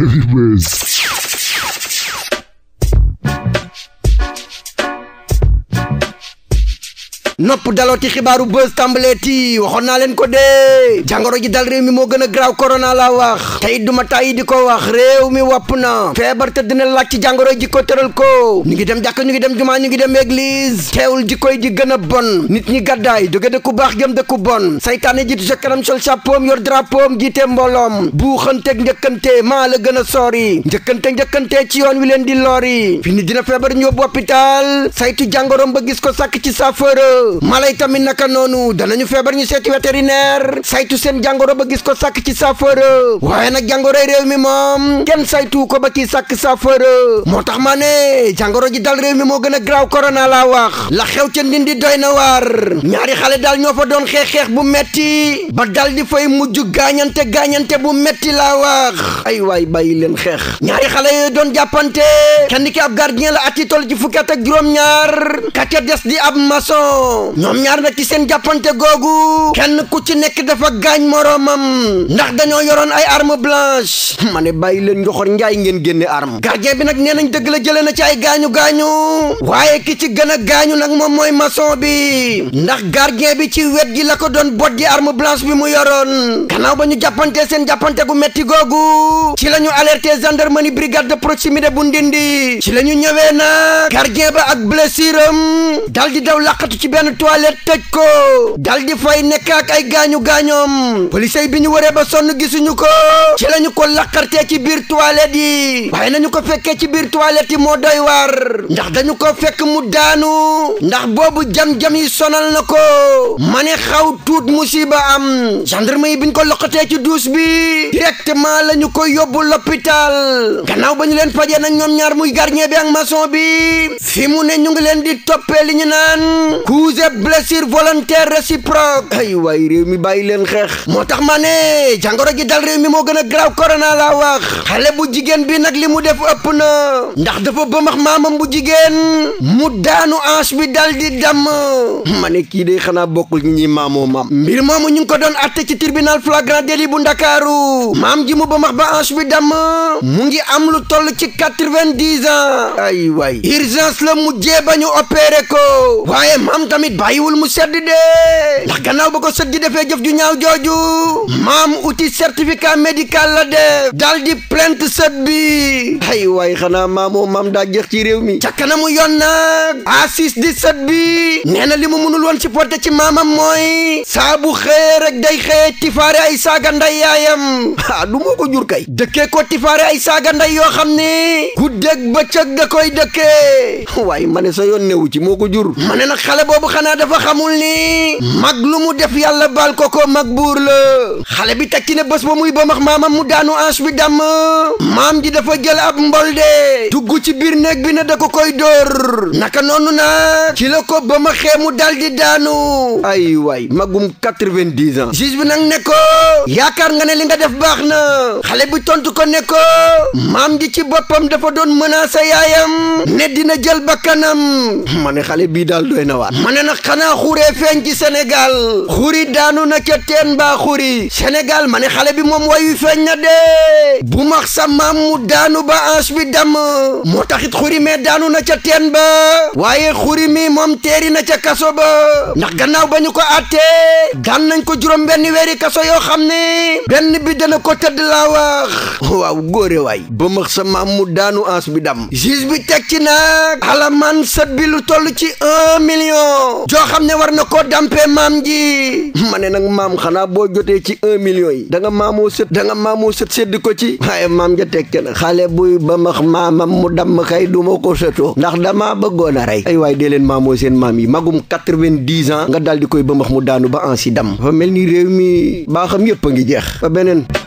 Heavy Mess. nopp dalooti xibaaru buzz tàmbaleeti waxoon naa leen ko dee jàngoro ji dal réew mi moo gën a graaw korona la wax tey duma tàyyi di ko wax réew mi wapp na feebar te dina laaj ci jàngoro ji ko tëral ko ñu ngi dem jàkk ñu ngi dem jumaa ñu ngi dem église teewul ji koy di gën a bon nit ñi gàddaay jóge dëkku baax jëm dëkku bon saytaane jiitu sa kanam sol chapeau yor drapeau jiite mbooloom buuxanteeg njëkkante maa la gën a sori njëkkante njëkkante ci yoon wi leen di lori fi ni dina feebar ñu yóbbu hôpital saytu jàngoroom ba gis ko sàkk ci saafara mala yi tamit naka noonu ñu feebar ñu seeti vétérinaire saytu seen jàngoro ba gis ko sàkk ci saafara waaye nag jàngoroy réew mi moom kenn saytu ko ba ci sàkk saafara moo tax maa ne jàngoro ji dal réew mi moo gën a graaw korona la wax la xew ca ndindi doy na waar ñaari xale daal ñoo fa doon xeex-xeex bu metti ba dal di fay mujj gaañante gaañante bu metti la wax ay waay bàyyi leen xeex ñaari xale yooyu doon jàppante kenn ki ab gardien la ati toll ci fukki at ak juróom-ñaar ka ca des di ñoom ñaar nag ci seen jàppante googu kenn ku ci nekk dafa gaañ moroomam ndax dañoo yoroon ay arme blanche ma ne bàyyi leen njoxor njaay ngeen génne arme gardien bi nag nee nañ dëgg la jëlee na ci ay gaañu-gaañu waaye ki ci gën a gaañu nag moom mooy mason bi ndax gardien bi ci wet gi la ko doon bot gi arme blanche bi mu yoroon gannaaw ba ñu jàppante seen jàppante gu metti googu ci la ñu alerter gendarmerie brigade de proximité bu ndindi ci la ñu ñëwee nag gardien ba ak blessure am dal benn toilette tëj ko dal di fay nekk ak ay gaañu gaañoom policiers bi ñu waree ba sonn gisuñu ko ci lañu ko laqartee ci biir toilette yi waaye nañu ko fekkee ci biir toilette yi moo doy war ndax dañu ko fekk mu daanu ndax boobu jam-jam yi sonal na ko ma ne xaw tuut musiba am gendarme yi bi ñu ko loqatee ci douche bi directement ma ñu ko yóbbu l'hôpital gannaaw ba ñu leen faje nag ñoom ñaar muy gardien bi ak maçon bi fi mu ne ñu ngi leen di toppee li naan épousé blessure volontaire réciproque ay waay réew mi bàyyi leen xeex moo tax ma ne jàngoro ji dal mi moo gën a graaw korona la wax xale bu jigéen bi nag li mu def ëpp na ndax dafa bëmax maamam bu jigéen mu daanu hanche bi dal di damm ma ne kii de xanaa bokkul ñi maamoo maam mbir moomu ñu ngi ko doon atte ci tribunal flagrant délit bu ndakaaru maam ji mu bëmax ba hanche bi damm mu ngi am lu toll ci quatre-vingt-dix ans ay waay urgence la mu jee bañu opéré ko waaye maam tam tamit bàyyiwul mu sedd dee ndax gannaaw ba ko sët ji defee jëf ju ñaaw jooju maam uti certificat médical la def dal di plainte sët bi ay waay xanaa maamoo maam daa jeex ci réew mi ca kanamu yoon nag assis di sët bi nee na li mu mënul woon supporté ci maamam mooy saa bu xëyee rek day xëyee tifaare ay saaga nday yaayam ah du moo ko jur kay dëkkee ko tifaare ay saaga nday yoo xam ne guddeeg bëccëg da koy dëkkee waaye ma ne sa ci moo ko jur ma ne xale boobu xanaa dafa xamul ni mag lu mu def yàlla bal ko ko mag buur la xale bi tekki ne bés ba muy ba max maamam mu daanu ans bi dàmm maam ji dafa jël ab mbol de ci biir néeg bi na da ko koy dóor naka noonu na ci la ko ba ma xeemu dal di daanu ay waay magum quatre-vingt-dix ans juge bi nag ne ko yaakaar nga ne li nga def baax na xale bi tontu ko ne ko maam ji ci boppam dafa doon mën menacer yaayam ne dina jël bakkanam ma ne xale bii daal na waat ma ne nag xanaa xuree feeñ ci Sénégal xuri daanu na ca teen baa xuri Sénégal ma ne xale bi moom wayu feeñ na de bu max sa maam mu daanu ba ange bi damm moo taxit xurime daanu na ca teen ba waaye xurimi moom teeri na ca kaso ba ndax gannaaw ba ñu ko àttee daan nañ ko juróom benn weeri kaso yoo xam ne benn bi dana ko tëdd laa wax waaw góore waay ba max sa maam mu daanu ans bi dam juge bi teg ci nag alamaan sët bi lu toll ci un million joo xam ne war na koo dampee maam ji ma ne nag maam xanaa boo jotee ci un million yi da nga maamoo sët da nga maamoo sët ko ci waaye maam ja teg ca nag xale buy ba max maamam damm kay du ma ko sëtoo ndax damaa bëggoon a rey ay waay dee leen maamoo seen maam yi magum quatre-vingt-dix ans nga daal di koy bëmbax mu daanu ba si dam dafa mel ni réew mi baaxam yëpp a ngi jeex ba beneen